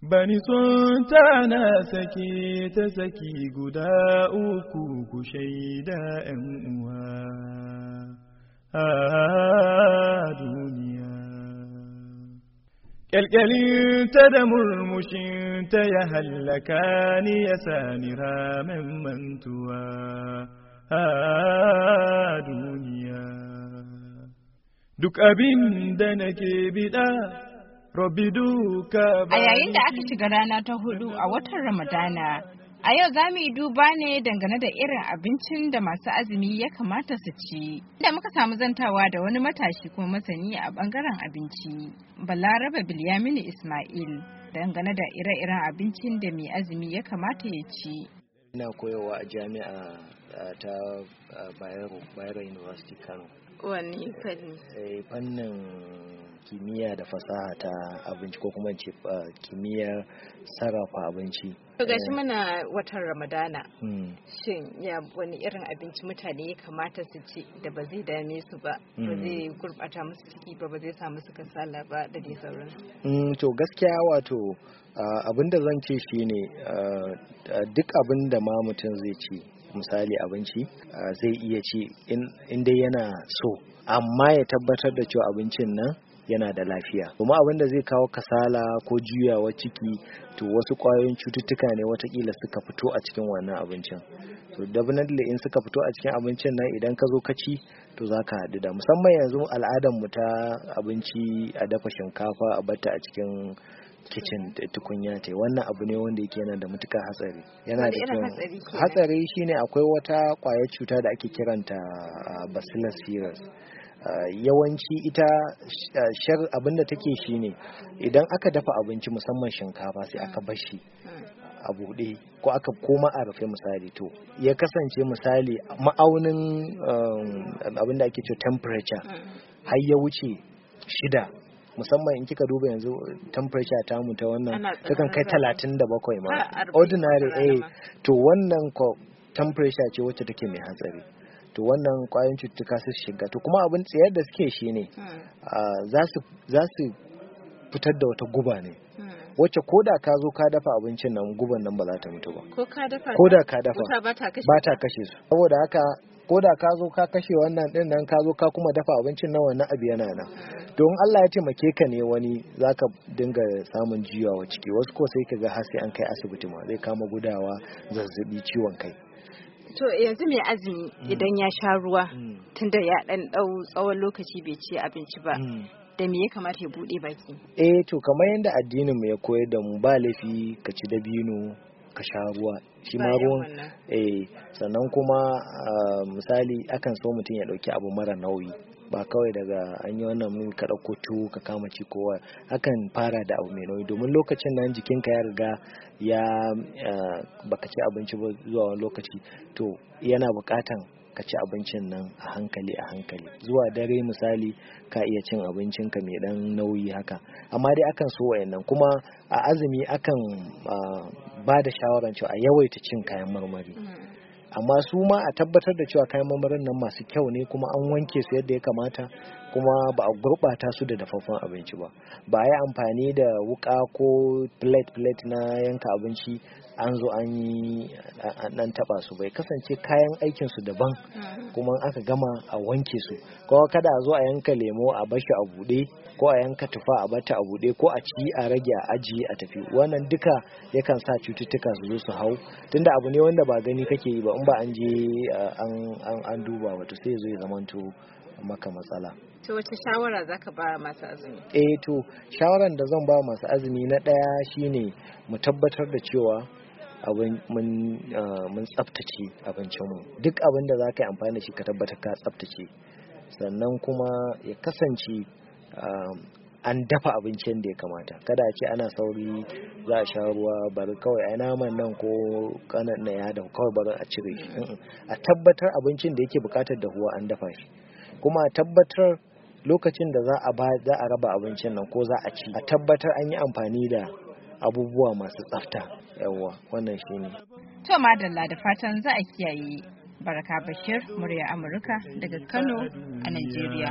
Bani sun tana sake ta saki guda uku ku shaida ‘yan uwa a duniya. Ƙyalƙyalinta da murmushinta ya hallaka ni ya sani ramen mantuwa a duniya. Duk abin da nake biɗa A yayin da aka shiga rana ta hudu a watan Ramadana, a yau za mu yi duba ne dangane da irin abincin da masu azumi ya kamata su ci. Da muka samu zantawa da wani matashi kuma masani a bangaren abinci, Balaraba Bilyaminu Ismail, dangane da ire-iren abincin da mai azumi ya kamata ya ci. Ina koyowa a jami'a ta Bayero, University Kano. Wani fanni? Eh, fannin kimiyya da fasaha ta abinci ko kuma ce uh, kimiyyar sarrafa abinci to gashi eh. muna watan ramadana hmm. shin ya wani irin abinci mutane ya kamata su ci da ba zai dame su ba ba hmm. zai gurbata musu ciki ba ba zai sa musu kasala ba da dai sauran hmm, to gaskiya wato uh, abinda zan ce shi ne uh, duk abin da ma mutum zai ci misali abinci zai iya ci in dai yana so amma ya tabbatar da cewa abincin nan yana da lafiya kuma abin da zai kawo kasala ko juyawa ciki to wasu kwayoyin cututtuka ne watakila suka fito a cikin wannan abincin da definitely in suka fito a cikin abincin nan idan ka zo ka ci to za ka haɗu da musamman yanzu al'adar mu ta abinci a dafa shinkafa a bata a cikin kicin da tukunya ta wannan abu ne wanda yake yana da matuƙar hatsari yana da kyau hatsari shine akwai wata kwayar cuta da ake kiranta bacillus virus yawanci ita shar abinda take shine idan aka dafa abinci musamman shinkafa sai aka bashi a buɗe ko aka koma a rufe misali to ya kasance misali ma'aunin um, abinda ake ce temperature har ya wuce shida musamman in kika duba yanzu temperature ta mu ta wannan takan kai 37 ma ordinary eh to wannan ko temperature ce wacce take mai hatsari to wannan kwayoyin cututtuka su shiga to kuma abin tsayar da suke shi ne hmm. za su fitar da wata guba ne hmm. wacce ko da ka zo ka dafa abincin nan guban nan ba za ta mutu ba ko da ka dafa ba ta kashe su saboda haka ko da ka zo ka kashe wannan din nan ka zo ka kuma dafa abincin na wannan abu yana nan don Allah ya taimake ka ne wani zaka dinga samun jiyawa ciki wasu ko sai ka ga har sai an kai asibiti ma zai kama gudawa zazzabi ciwon kai to yanzu mai azumi mm. idan ya sha ruwa mm. tunda ya dan dau tsawon lokaci bai ci abinci ba mm. da me ya kamata ya bude baki eh to kamar yadda addinin mu ya koyar da mu ba laifi ka ci dabino ka sha ruwa shi ma ruwan eh sannan kuma ah, misali akan so mutum ya dauki abu mara nauyi ba kawai daga an yi wannan mun ka dauko tuwo ka kama ci kowa akan fara da abu mai nauyi domin lokacin nan jikinka ya riga ya ah, baka ci abinci ba zuwa wani lokaci to yana bukatan ka ci abincin nan a hankali a hankali zuwa dare misali ka iya cin abincin ka mai dan nauyi haka amma dai akan so wayannan kuma a azumi akan ah, ba da shawaran cewa a yawaita cin kayan marmari hmm. amma su ma a tabbatar da cewa kayan marmarin nan masu kyau ne kuma an wanke su yadda ya kamata kuma ba a gurɓata su da dafaffen abinci ba ba yi amfani da wuka ko plate plate na yanka abinci an zo an yi nan taba su bai kasance kayan aikin su daban hmm. kuma aka gama a wanke su ko kada a zo a yanka lemo a bashi a bude ko a yanka tufa a bata a bude ko a ci a rage a ajiye a tafi wannan duka yakan sa cututtuka su zo su hau tunda abu ne wanda ba gani kake yi ba in ba an je eh, an duba wato sai zo ya zamanto maka matsala to wace shawara za ka ba masu azumi eh to shawaran da zan ba masu azumi na ɗaya shine mu tabbatar da cewa ah, mun tsaftace abincinmu duk abin da za ka yi amfani da shi ka tabbatar ka tsaftace sannan kuma ya kasance ah, an dafa abincin da ya kamata kada a ce ana sauri za a sha ruwa bari kawai a naman nan ko kanan na ya kawai bari a cire a tabbatar abincin da yake bukatar dahuwa an dafa shi kuma a tabbatar lokacin da za a ba za a raba abincin nan ko za a ci a tabbatar an yi amfani da abubuwa masu tsafta yawwa wannan shine to madalla da fatan za a kiyaye baraka bashir murya amurka daga kano a nigeria